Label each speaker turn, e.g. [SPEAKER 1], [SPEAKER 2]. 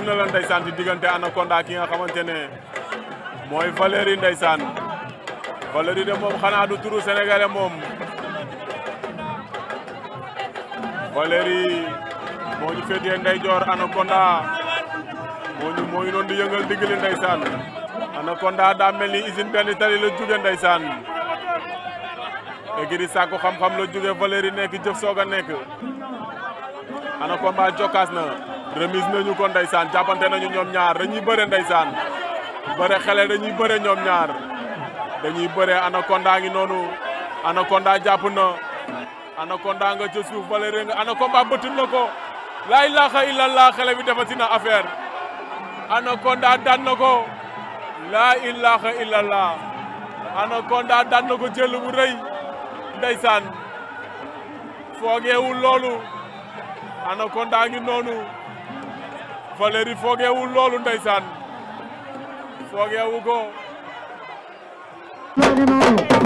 [SPEAKER 1] mu ne la ndeysaan ci ki nga xamante ne mooy Valérie ndeysaan Valérie de moom xanaa du turu sénégalais moom Valérie moo ñu féetee ndeyjoor Anaconda moo ñu moo ñu doon di yëngal digg li ndeysaan Anaconda daa mel ni usine benn tali la jóge ndeysaan egiri sàkku xam-xam la jóge Valérie nekk jëf soog a nekk Anaconda jokkaas na remise nañu ko ndeysaan jàppante nañu ñoom ñaar dañuy bëre ndeysaan bëre xale dañuy bëre ñoom ñaar dañuy bëre anaconda ngi noonu anaconda jàpp na anaconda nga ca suuf bala rëng anaconda bëtt na ko laa ilaaha illallah xale bi defati na affaire anaconda daan na ko laa ilaaha illallah anaconda daan na ko jël bu rëy ndeysaan foogeewul loolu anaconda ngi noonu Valérie foogeewul loolu ndeysaan foogeewu ko